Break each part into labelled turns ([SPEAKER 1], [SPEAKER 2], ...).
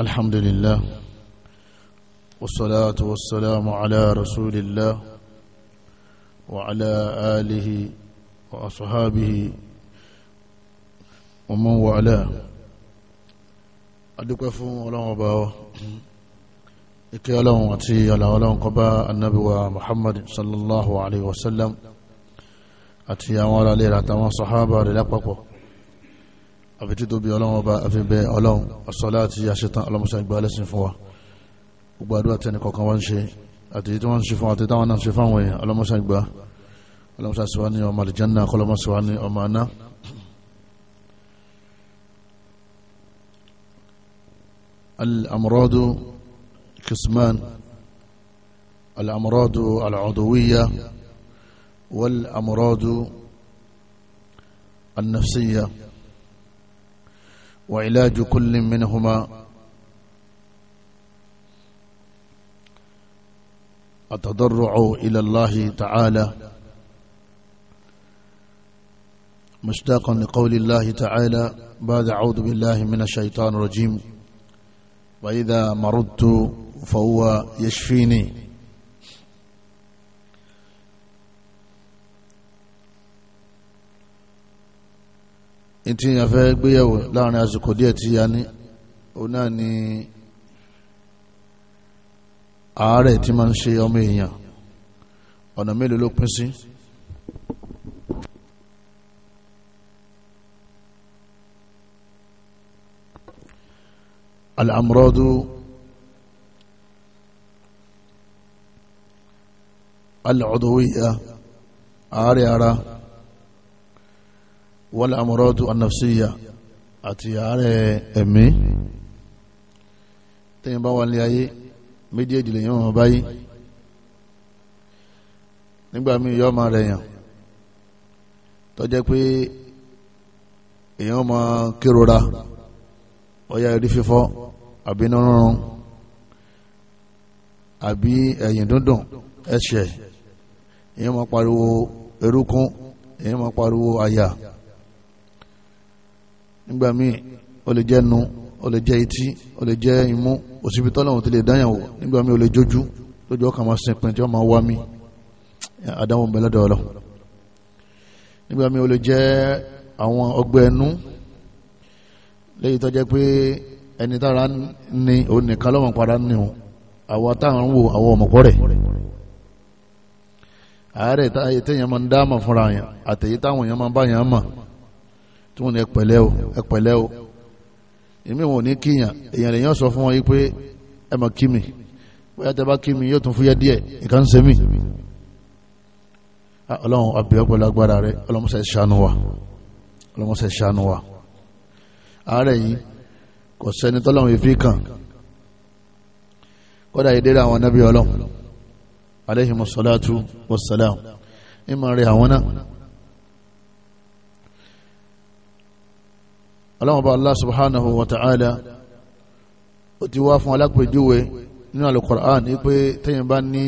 [SPEAKER 1] الحمد لله والصلاة والسلام على رسول الله وعلى آله وأصحابه ومن والاه adúpẹ́ fún ọlọ́run ọba ọ ìkẹ́ ọlọ́run àti àlà ọlọ́run kó bá annabiwa muhammad sallallahu alaihi wasallam àti àwọn alalẹ́ àtàwọn sahaba rẹ̀ lápapọ̀ àfití tó bí ọlọ́run ọba àfi bẹ ọlọ́run ọ̀sọ́lá àti àṣetán ọlọ́mọṣẹ́ gba ẹlẹ́sìn fún wa gbogbo àdúrà tẹni kọ̀ọ̀kan wá ń ṣe àti èyí tí wọ́n ń ṣe fún àti táwọn náà ń ṣe fáwọn èèyàn ọlọ́mọṣẹ́ gba ọlọ́mọṣẹ́ sọ ní ọmọ àlìjánná kọlọ́mọṣẹ́ wá ní ọmọ aná الأمراض قسمان الأمراض العضوية والأمراض النفسية وعلاج كل منهما التضرع إلى الله تعالى مشتاقا لقول الله تعالى بعد أعوذ بالله من الشيطان الرجيم وإذا مرضت فهو يشفيني tí a fẹ́ gbéyẹ̀wò láàrin àsìkò díẹ̀ tí a ní òun náà ni ààrẹ tí máa ń ṣe ọmọ èèyàn ọ̀nà mélòó ló pín sí al'amuradu al'uduwiya ààrẹ ara wal amuradu an-nafsiyya àti àárẹ̀ ẹ̀mí tẹ́yìn bá wà ní ayé méjèèjì lè yàn báyìí nígbà míì yọ́ máa rẹ̀ yàn tó jẹ́ pé èèyàn máa kérora ọ̀yá ẹ̀rí fífọ́ àbí nírúurú àbí ẹ̀yìn dúndùn ẹ̀ṣẹ̀ èèyàn máa pariwo erékún èèyàn máa pariwo àyà nígbà míì ó lè jẹ́ nu ó lè jẹ́ etí ó lè jẹ́ imú òsibí tọ́lọ́wọ́n ti lè dáyàn wò nígbà míì ó lè jójú lójú ọkàn máa sin pin tí wọ́n máa wá mi àdáwò mẹ́lẹ́dọ̀ ọlọ́ nígbà míì ó lè jẹ́ àwọn ọgbẹ́ ẹnu lẹ́yìn tó jẹ́ pé ẹni tára ní òun nìkan lọ́wọ́n padà ní o àwọn táwọn ń wo àwọn ọmọkọ́ rẹ̀ ààrẹ táyé téèyàn máa ń dáàmà fúnra yẹn àtẹ̀yẹ táwọn èèyàn máa bá yẹn mọ̀ tí wọ́n ní ẹpẹ̀lẹ́ o ẹpẹ̀lẹ́ o èmi wọn ò ní kíyàn èèyàn lèyàn sọ fún wọn yí pé ẹ mọ̀ kí mi bóyá tẹ bá kí mi yóò tún fúyẹ́ díẹ̀ nǹkan ṣe mí ah, ọlọ́run àbẹ̀ ọpọlọ agbára rẹ ọlọ́mọṣẹ́ ṣàánú wa ọlọ́mọṣẹ́ ṣàánú wa ààrẹ yìí kò sẹ́ni tọ́lọ́run èéfì kàn kọ́dà ìdérè àwọn anábì ọlọ́run alayhimus salatu wassalam ìmọ̀ rẹ̀ àwọn náà ọlọ́run ọba allah subhanahu wa ta'ala ó ti wá fún alápèjúwe nínú alukur'an ní pé tẹ́yìn bá ní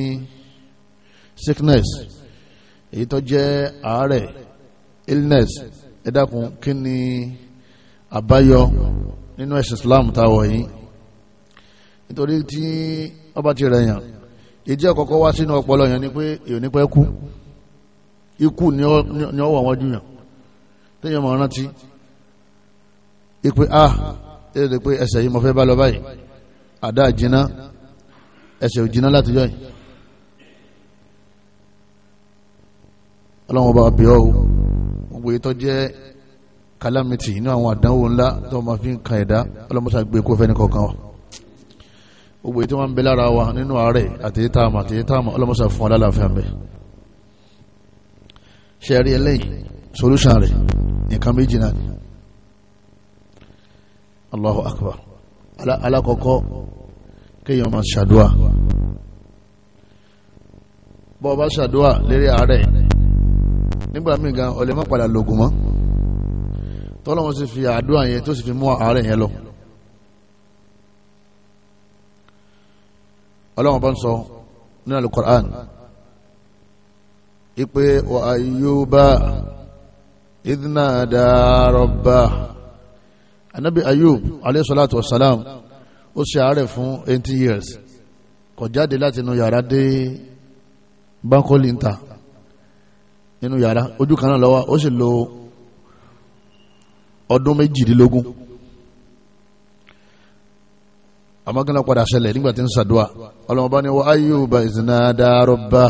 [SPEAKER 1] sickness èyí tó jẹ́ àárẹ̀ illness ẹ dákun kí ni àbáyọ nínú ẹ̀sìn islam táwọ̀ yìí nítorí tí ọba ti rẹ̀ yàn ìdí ọ̀kọ̀ọ̀kọ̀ wá sínú ọpọlọ yàn ni pé èyàn nípa ẹkú ikú ni ọwọ́ àwọn jùyàn tẹ́yìn ọmọ rántí ipe a ẹ̀rọ pé ẹsẹ̀ yìí mo fẹ́ bá lọ báyìí àdá jiná ẹsẹ̀ ò jiná láti jọ́yìn ọlọ́run ọba bí ọ́ gbogbo ìtọ́ jẹ́ calamity inú àwọn àdánwò ńlá tó ma fi ń kan ẹ̀dá ọlọ́mọsá gbé e kó fẹ́ni kọ̀ọ̀kan wa gbogbo ìtọ́ wọn bẹ lára wa nínú ààrẹ àtẹ̀yẹ́tàmà àtẹ̀yẹ́tàmà ọlọ́mọsá fún alálàáfíà mẹ́ ṣe rí eléyìí solution rẹ̀ nǹkan méjì náà Allahu akbar alákọ̀ọ́kọ́ kéèyàn máa ṣàdúà bọ́ bá ṣàdúà lérí àárẹ̀ nígbà míì gan ọ̀lẹ́ má padà lògùn mọ́ tọ́lọ́wọ́n sì fi àdúà yẹn tó sì fi mú àárẹ̀ yẹn lọ ọlọ́wọ́n bá ń sọ nínú alukur'an ipe wa ayyuba idh nada rabbah anabi ayub aleyhisalatu wasalam ó ṣe àárẹ̀ fún eighty years kò jáde láti inú yàrá dé bankoli nta nínú yàrá ojú kan náà lọ́wọ́ ó sì lo ọdún méjìdínlógún àmọ́ padà ṣẹlẹ̀ nígbà tí ń ṣàdúà ọlọ́mọ bá wọ́n ayuba ìsìnàdà rọ́bà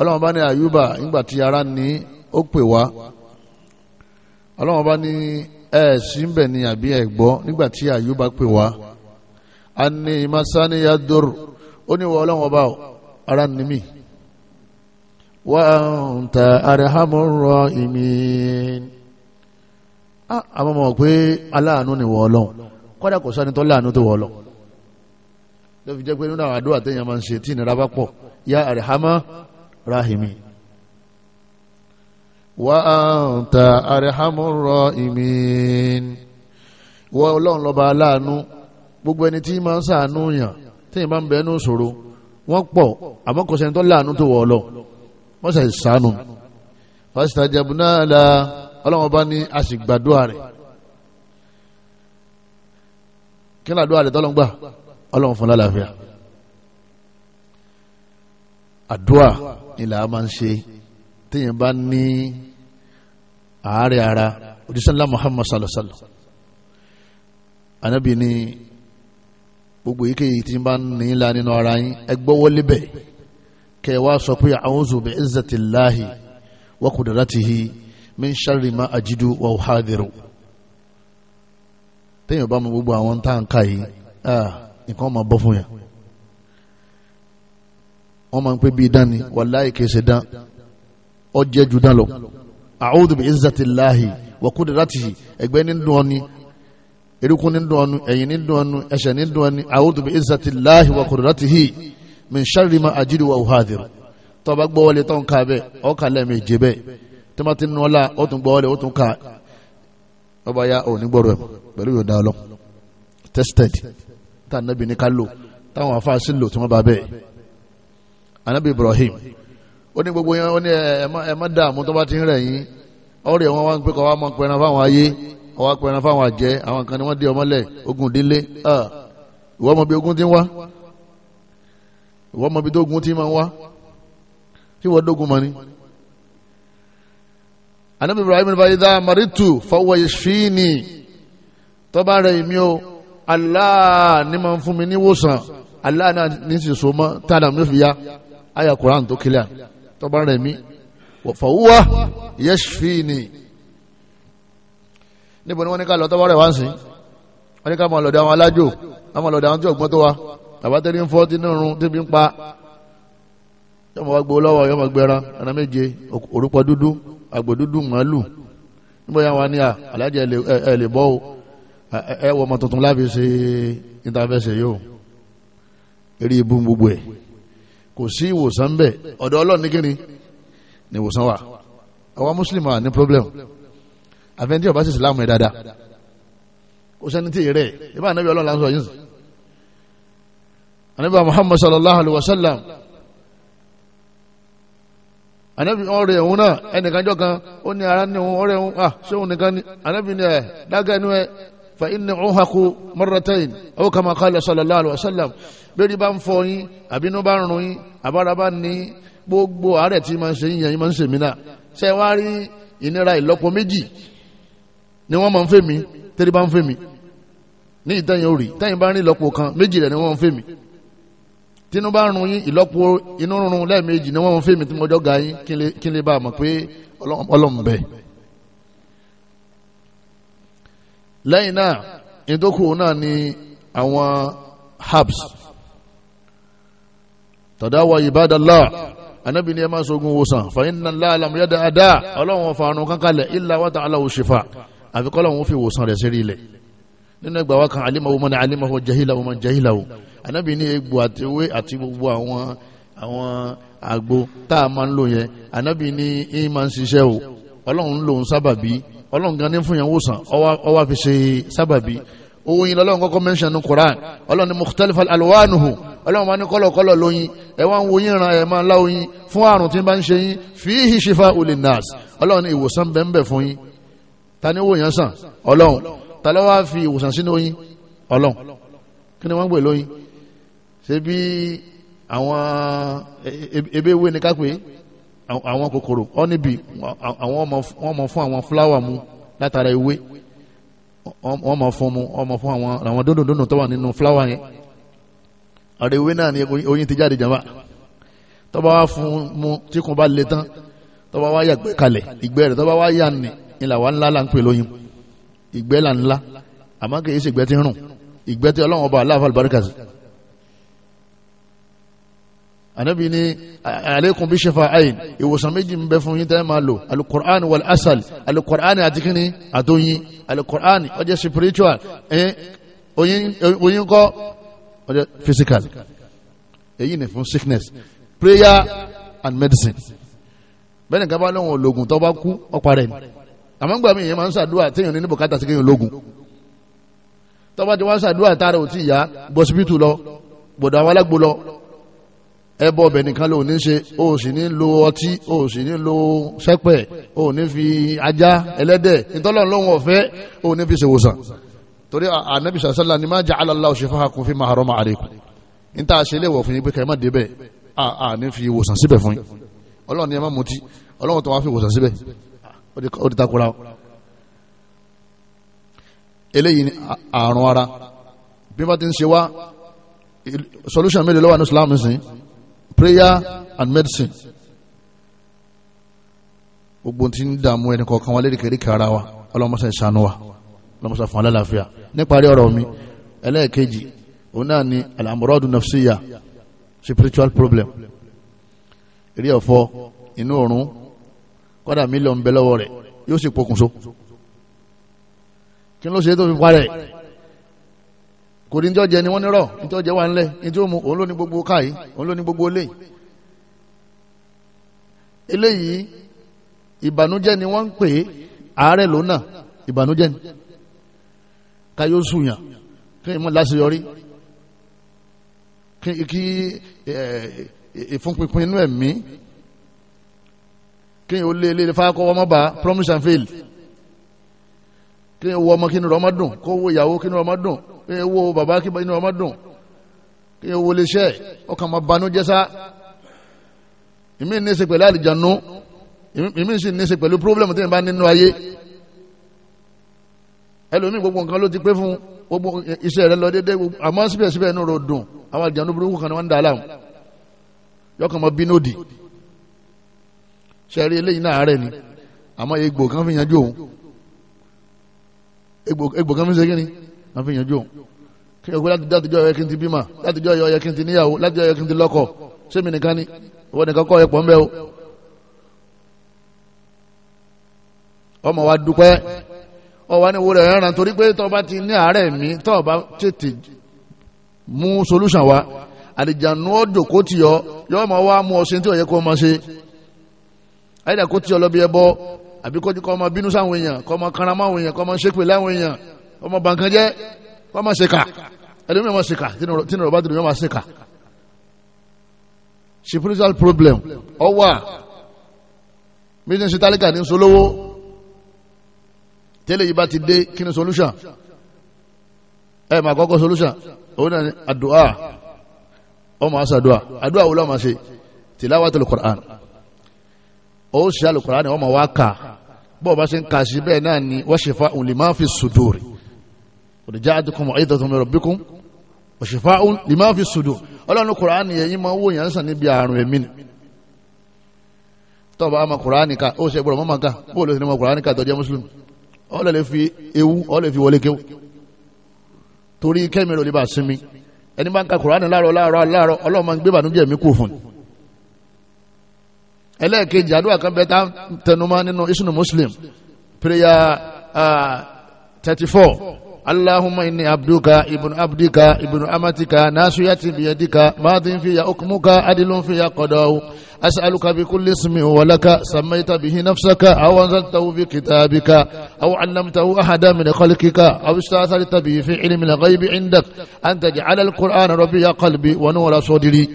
[SPEAKER 1] ọlọ́mọ ayuba nígbà tí ara ní ó pè wá ọlọ́mọ bá ní. E si ń bẹ̀ ni àbí ẹ nigbati nígbà tí bá pè wá a ní ìmásániyà dòrò ó ní wọ́n ọlọ́wọ́n bá ara ní mi wà ń ta arahamurọ ìmí àwọn ọmọ pé aláàánú ni wọ́n ọlọ́wọ́n kọ́dà kò sani tó láàánú tó wọ́n ọlọ́wọ́n lọ́fi jẹ́ pé nínú àwọn àdúrà téèyàn máa ń ṣe tí ìnira bá pọ̀ ya rahimi. وأنت أرحم الراحمين wọ́n ọlọ́run lọ́ba aláàánú gbogbo ẹni tí máa ń sàánú yàn tí ìbá ń bẹ ẹnu ṣòro wọ́n pọ̀ àmọ́ kò sẹ́ni tó láàánú tó wọ̀ ọ́ lọ wọ́n sì sàánú fastajabna la ọlọ́run ọba ní àṣìgbàdúrà rẹ̀ ni àárẹ̀ ara òdìsánlá muhammad salasala anabi ni gbogbo èyíkéyìí tí bá ń nílá nínú ara yín ẹgbọ́wọ́lé bẹ̀ kẹ wá sọ pé a'udhu bi izzatillahi wa qudratihi min sharri ma ajidu wa uhadiru téèyàn bá mọ gbogbo àwọn tá à ń nǹkan ọmọ bọ́ fún yà wọ́n máa ń pè bí dán ni wàláì dán ọ jẹ́ ju dán lọ a'udhu bi izzatillahi wa qudratihi ẹ̀gbẹ́ ní dùn ọ́ni erukun ní dùn ọ́nu ẹ̀yìn ní dùn ọ́nu ẹ̀ṣẹ̀ ní dùn ọ́ni a'udhu bi izzatillahi wa qudratihi min sharri ma ajidu wa uhadhiru tó bá gbọ́ wọlé tó ń ka bẹ́ẹ̀ ọ́ kà lẹ́ẹ̀mejì bẹ́ẹ̀ tó bá ti ń nọ́ọ́lá ó tún gbọ́ wọlé ó tún ka ọba ya ò ní gbọ́rọ̀ pẹ̀lú yóò dá ọ lọ tested tá a nábì ní ká lò táwọn afáàsì lò tí wọ́n bá bẹ́ẹ̀ anábì Ibrahim ó ní gbogbo yẹn ó ní ẹ má dààmú tó bá ti ń rẹ̀ yín ọ̀rẹ́ wọn wá ń pè kọ́ wá mọ́ pẹran fáwọn ayé ọwọ́ pẹran fáwọn àjẹ́ àwọn kan ni wọ́n dé ọmọlẹ̀ ogun délé ìwọ mọ̀ bí ogun ti ń wá ìwọ mọ̀ bí dógun ti máa ń wá tí wọ́n dógun mọ́ ni. anabi ibrahim fayidá maritu fọwọ́ ìṣfíìnì tọ́ba rẹ̀ èmi o Allah ni máa ń fún mi níwòsàn Allah náà ní sì so mọ́ tádà mi fi ya àyà Quran tó kílíà tọ́ba rẹ̀ mí fọwọ́ yẹ́sùfìnì níbo ni wọ́n ní ká lọ tọ́ba rẹ̀ wá ń sìn wọ́n ní ká máa lọ́dọ̀ àwọn alájò ká máa lọ́dọ̀ àwọn tí ọ̀gbọ́n tó wa tàbátẹ́rí ń fọ́ tí ní irun tí ń pa yóò máa gbowó lọ́wọ́ yóò máa gbẹran ẹran méje òrùpọ̀ dúdú àgbò dúdú màálù níbo yà wá ní alájẹ ẹ lè bọ́ o ẹ wọ ọmọ tuntun láfi ṣe ìtafẹsẹ̀ yóò eré ibú gbogbo ẹ̀ kò sí ìwòsàn bẹ́ẹ̀ ọ̀dọ̀ ọlọ́run ní kíni ni ìwòsàn wà àwa muslim wà ní problem àfẹnjí ọba sì sílámù ẹ dáadáa kò sẹ́ni tí ì rẹ̀ ìbá ànábì ọlọ́run lásán yìí sìn ànábì muhammad sallallahu alayhi wa sallam ànábì ọ̀rẹ́ òun náà ẹnìkanjọ́ kan ó ní ara ní òun ọ̀rẹ́ òun ah ṣé òun nìkan ni ànábì ni ẹ̀ eh, dákẹ́ nu ẹ̀ فإن عهق مرتين أو كما قال صلى الله عليه وسلم bẹ́ẹ̀ bá ń fọ́ yín àbí inú bá ń run yín àbára bá ní gbogbo àárẹ̀ tí máa ń ṣe yín yẹn máa ń ṣe mí náà ṣe wá rí ìnira ìlọ́po méjì ni wọ́n máa ń fẹ́ mi tẹ́lẹ̀ bá ń fẹ́ mi ní ìtẹ̀yìn orí tẹ́yìn bá ń rí ìlọ́po kan méjì rẹ̀ ni wọ́n ń fẹ́ mi tínú bá ń run yín ìlọ́po inú run lẹ́ẹ̀mejì ni wọ́n ń fẹ́ mi tí mo jọ́ ga yín kí n lè bá a mọ̀ pé ọlọ́mọbẹ̀ẹ́ lẹ́yìn náà ìdókòwò náà ni àwọn herbs tàdáwà ibadallah anábì ni ẹ máa sógun wòsàn fàyín náà láàlàmù yẹ́dà àdá ọlọ́run wọn fàánù kankalẹ̀ illa wa ta'ala shifa àfikọ́lọ́run wọn fi wòsàn rẹ̀ sérí ilẹ̀ nínú ẹgbà wa kan alimahu mọ́ni alimahu jahilahu mọ́ni jahilahu anábì ni egbò àti ewé àti gbogbo àwọn àwọn àgbo tá a máa ń lò yẹn anábì ni ìmọ̀ ń ṣiṣẹ́ o ọlọ́run ń lò sábàbí ọlọ́run gan ní fún yàn wòsàn ọwọ́ fi ṣe sábàbí owó yín lọ́lọ́run kọ́kọ́ mẹ́ṣẹ̀ ní Qur'an ọlọ́run ni mukhtalifal alwanuhu ọlọ́run bá ní kọ́lọ̀kọ́lọ̀ lóyin ẹ wá ń wo yín ran ẹ̀ máa láwo yín fún àrùn tí bá ń ṣe yín fihi shifa'un linnas ọlọ́run ìwòsàn bẹ́ẹ̀ fún yín ta ni wò yẹn sàn ọlọ́run ta ló wá fi ìwòsàn sínú yín ọlọ́run kí ni wọ́n gbé lóyin ṣe bí àwọn e, e, ebéwé ni ká pè é àwọn kòkòrò ọ níbi àwọn ọmọ fún àwọn fúláwà mu látara ewé wọ́n mọ̀ fún mu wọ́n mọ̀ fún àwọn àwọn dúndùndùndùn tó wà nínú fúláwà yẹn àrẹ ewé náà ni oyin ti jáde jàmbá tó bá wá fún mu tí kò bá le tán tó bá wá yàgbẹ́ kalẹ̀ ìgbẹ́ rẹ̀ tó wá yà ní ilà wa ńlá là ń pè lóyún ìgbẹ́ là ńlá àmọ́ kì í ṣègbẹ́ ti ń rùn ìgbẹ́ tí ọlọ́run ọba aláàfáà sí anabi ni aleikum bi ṣefa ayin ìwòsàn méjì ń bẹ fún yín tẹ́ máa lò alukur'an wal asal alukur'an àti kíni àtòyìn alukur'an ó jẹ́ spiritual oyin kọ́ ó jẹ́ physical èyí ni fún sickness prayer and medicine bẹ́ẹ̀ ni ká bá lọ́wọ́ ológun tó bá kú ọ̀pá rẹ̀ ni àmọ́ gbà mí ìyẹn máa ń ṣàdúrà téèyàn ní bùkátà sí kéèyàn ti wá ṣàdúrà tára ò tí ì yá bọ́sibítù lọ gbọ́dọ̀ àwọn alágbó lọ ẹbọ ọbẹ̀ nìkan ló ní ṣe o sì ní lo ọtí o sì ní lo sẹ́pẹ̀ o ní fi ajá ẹlẹ́dẹ̀ ìtọ́lọ̀ lóhun ọ̀fẹ́ o ní fi ṣèwòsàn torí ànábì sàṣálà ni máa ja'ala Allahu shifaa'akum fima harama alaykum ní tá a ṣe léwọ̀ fún yín pé kẹ́mọ́ débẹ̀ a ní fi ìwòsàn síbẹ̀ fún yín ọlọ́run ni ẹ má mutí ọlọ́run tó wá fi ìwòsàn síbẹ̀ ó di takora eléyìí ni àrùn ara bí wọ́n ti ń ṣe wá solution mélòó ló prayer and medicine gbogbo tí ń dààmú ẹni kọ̀ọ̀kan wa léríkèríkè ara wa ọlọ́mọṣẹ́ ìṣànú wa ọlọ́mọṣẹ́ fún alálàáfíà níparí ọ̀rọ̀ mi ẹlẹ́ẹ̀kejì òun náà ni alamuradu nafsiya spiritual problem eré ọ̀fọ́ inú ọ̀run kọ́dà mílíọ̀nù bẹ lọ́wọ́ rẹ̀ yóò sì pokùnso kí ló ṣe tó fi parẹ́ kò ní tí ó jẹ ni wọ́n nírọ̀ ní tí ó jẹ wà ńlẹ̀ ní tí ó mu òun ló ní gbogbo káyìí òun ló ní gbogbo eléyìí eléyìí ìbànújẹ́ ni wọ́n ń pè é àárẹ̀ lónà ìbànújẹ́ ni káyọ̀ sùnyàn kí ìmọ̀ láṣeyọrí kí ìfúnpinpin inú ẹ̀mí kí o lé ilé ìfáàkọ́ ọmọ bá promise and fail kí o wọ ọmọ kí ni rọmọdún kó wo ìyàwó kí ni rọmọdún kí ẹ wo bàbá kí inú ọmọ dùn kí ẹ wo iléeṣẹ́ ọkàn máa banú jẹ́sà ìmí ní í ṣe pẹ̀lú àlìjànú ìmí sì ní í ṣe pẹ̀lú pírọ́blẹ̀mù tí ìbá nínú ayé ẹlòmíì gbogbo nǹkan ló ti pé fún gbogbo iṣẹ́ rẹ lọ déédéé àmọ́ síbẹ̀síbẹ̀ inú rẹ̀ dùn àwọn àlìjànú burúkú kan ni wọ́n ń dà á láwọn yọkàn máa bínú òdì ṣẹ́rí eléyìí náà rẹ̀ ni àmọ́ egbò kan fi yanjú òun egbò kan fi ṣe kí ni náà fi yanjú kí ọgbẹ́ látijọ́ ọ̀yẹ́ kí n ti bímọ látijọ́ ọ̀yẹ́ kí n ti níyàwó látijọ́ ọ̀yẹ́ kí n ti lọ́kọ sẹ́mi nìkan ni ìwọ nìkan kọ́ ẹ̀pọ̀ ńbẹ́ o ọmọ wa dúpẹ́ ọwọ́ ni wúrẹ̀ ẹ̀ràn torí pé tọ́ bá ti ní àárẹ̀ mi tọ́ bá tètè mú solution wa àlìjànú ọ̀dọ̀ kó ti yọ yọ ma wá mú ọsẹ tí ọ̀yẹ́ kó ma ṣe àyídà kó ti yọ lọ bí ẹ bọ́ àbí kọ́ ọmọ bànkan jẹ́ wọ́n máa ṣèkà ẹni wọ́n máa ṣèkà tí ní ọba tó ní wọ́n máa ṣèkà spiritual problem ọwà mílíọ̀nù sítálíkà ní solówó tẹ́lẹ̀ yìí bá ti dé kí ni solution ẹ máa kọ́kọ́ solution òun náà ni àdúà ọmọ àṣàdùà àdúà wo ló máa ṣe tilawatul Qur'an ó ṣe àlùkùrán ni ọmọ wa kà bọ́ọ̀ bá ṣe ń kà sí bẹ́ẹ̀ náà ni wa shifa'un lima fi suduri òdìjáàdùkùn àìdàtùn rọ̀bíkùn òṣìfáún lima fi sudur ọlọ́run kùránì ẹ̀yìn máa wò yàn sàn níbi àrùn ẹ̀mí ni tọ́ba ama kùránì ká ó ṣe gbọ́dọ̀ mọ́mọ́ ká bó ló ṣe ní mọ́ kùránì ká tọ́jú mùsùlùmí ọ̀lẹ́ lè fi ewu ọ̀lẹ́ fi wọlé kéwù torí kẹ́mi rò lè bá sinmi ẹni bá ń ka kùránì láàárọ̀ láàárọ̀ láàárọ̀ ọlọ́run máa ń gbé bànújẹ́ mi kù fún un ẹlẹ́ẹ̀kejì àdúrà kan bẹ tá tẹnumọ́ nínú isnu muslim prayer uh, thirty four. اللهم إني عبدك ابن عبدك ابن أمتك ناسية بيدك ماض في حكمك عدل في قضاء أسألك بكل اسم ولك سميت به نفسك أو أنزلته في كتابك أو علمته أحدا من خلقك أو استأثرت به في علم الغيب عندك أن تجعل القرآن ربي قلبي ونور صدري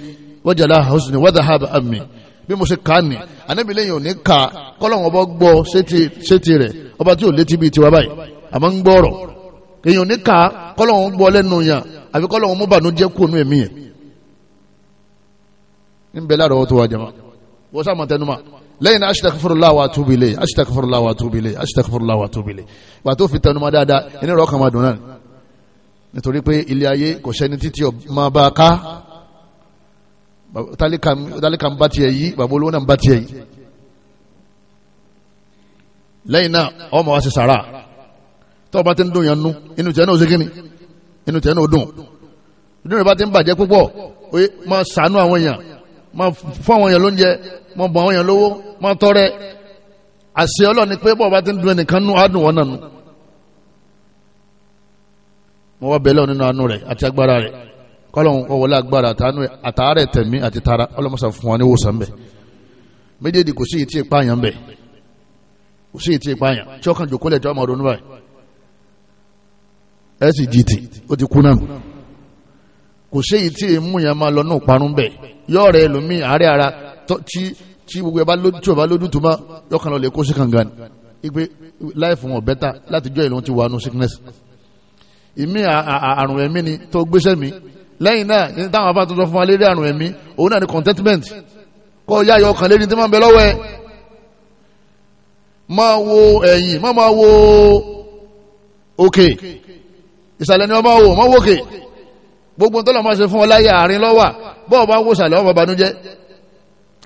[SPEAKER 1] وجلاء حزني وذهاب أمي bí mo ṣe kà á ní ànábì lẹ́yìn òní kà kọ́lọ́wọ́n ọba gbọ́ sétí rẹ̀ ọba tí ò létí bíi tiwa báyìí àmọ́ ń gbọ́ ọ̀rọ̀ èèyàn ní ká kọ́lọ́hún gbọ́ lẹ́nu yàn àbí kọ́lọ́hún mú bànújẹ́ kú ònú ẹ̀mí yẹn ń bẹ láàrọ̀ tó wà jama wọ́n sá máa tẹnu ma lẹ́yìn náà astaghfirullah wa atubu ilayhi astaghfirullah wa atubu ilayhi astaghfirullah wa atubu ilayhi wà tó fi tẹnu ma dáadáa ẹni rọ̀ kàn máa dùn náà nítorí pé ilé ayé kò sẹ́ni títí ọ̀ máa bá a ká tálíkà ń bá tiẹ̀ yí bàbá olówó náà ń bá tiẹ̀ yí lẹ́yìn náà ọmọ wa ṣe sàrà tọ́ ọba ti ń dùn yẹn nú inú tẹ̀ náà ó ṣe kíni inú tẹ̀ náà ó dùn inú rẹ̀ bá ti ń bàjẹ́ púpọ̀ oye máa ṣàánú àwọn èèyàn máa fún àwọn èèyàn lóúnjẹ máa bọ̀ àwọn èèyàn lówó máa tọrẹ àṣẹ Ọlọ́run ni pé bọ́ọ̀ bá ti ń dùn ẹnìkan nú á dùn wọn náà nù mo wá bẹ̀lẹ́ nínú àánú rẹ̀ àti agbára rẹ̀ kọ́lọ̀hún ọwọ́lá agbára àtàánú àtàárẹ̀ tẹ̀mí àti tara ọlọ́mọsà fún wa ní wòsàn bẹ̀ méjèèjì kò sí ìtì ìpáyàn bẹ̀ kò sí ìtì ìpáyàn tí ọkàn jòkólẹ̀ tí ọmọ ọdún báyìí ẹ sì jìtì ó ti kú náà kò séyìí tí èémú yẹn máa lọ náà parun bẹ́ẹ̀ yọ̀ọ́ rẹ lómi àárẹ̀ ara tí gbogbo ẹ bá lójú tí ò bá lójú tó má yọkàn lọ lè kó sí kàngan ipe láìfún wọn bẹ́tà láti jọ ìlú ti wà nù sickness ìmí àrùn ẹ̀mí ni tó gbéṣẹ́ mi lẹ́yìn náà ní táwọn afá tuntun fún wa lérí àrùn ẹ̀mí òun náà ni contentment kọ́ ya yọ ọkàn lérí tí máa ń bẹ lọ́wọ́ ẹ̀ máa wo ẹ̀yìn máa máa wo òkè ìsàlẹ̀ ni ọmọ wò mọ́ wòkè gbogbo tọ́lọ̀ máa ṣe fún ọ láyé àárín lọ́wà bọ́ọ̀ bá ń wò sàlẹ̀ ọmọ banújẹ́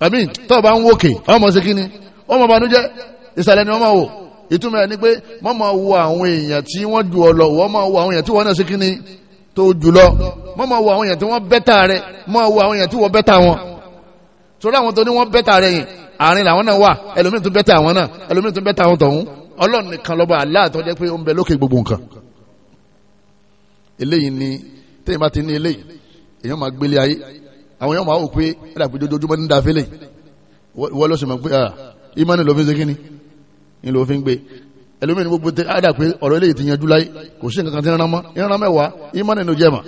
[SPEAKER 1] àmì tọ́ọ̀ bá ń wòkè ọmọ sí kíni ọmọ banújẹ́ ìsàlẹ̀ ni ọmọ wò ìtumọ̀ ẹ̀ ni pé mọ́ máa wo àwọn èèyàn tí wọ́n ju ọ lọ wọ́n máa wo àwọn èèyàn tí wọ́n náà sí kíni tó jù lọ mọ́ máa wo àwọn èèyàn tí wọ́n bẹ́tà rẹ mọ́ wo àwọn èèyàn tí wọ́n bẹ́tà wọn torí àwọn tó ní wọ́n bẹ́tà rẹ yìí àárín làwọn náà wà ẹlòmíràn tó bẹ́tà àwọn náà ẹlòmíràn tó eléyìí ni téèyàn bá ti ní eléyìí èèyàn máa gbélé ayé àwọn èèyàn máa wò pé ẹ̀dà pé dojoojúmọ́ ní dáfẹ́ lè wọ́n lọ́sọ̀ mọ̀ pé ìmánì ló fi ń ṣe kíni ni ló fi ń gbé ẹlòmíì ní gbogbo ẹ̀dà pé ọ̀rọ̀ eléyìí ti yanjú láyé kò sí nǹkan kan tí ń rán mọ́ ìran mẹ́wàá ìmánì ló jẹ́ mà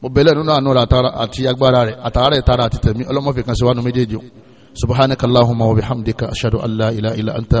[SPEAKER 1] mo bẹ̀lẹ̀ nínú àánú rẹ̀ àti agbára rẹ̀ àtàárẹ̀ tara àti tẹ̀mí ọlọ́mọ́fẹ́ kan ṣe wá nu méjèèjì subhanakallahumma wa bihamdika ashhadu an la ilaha anta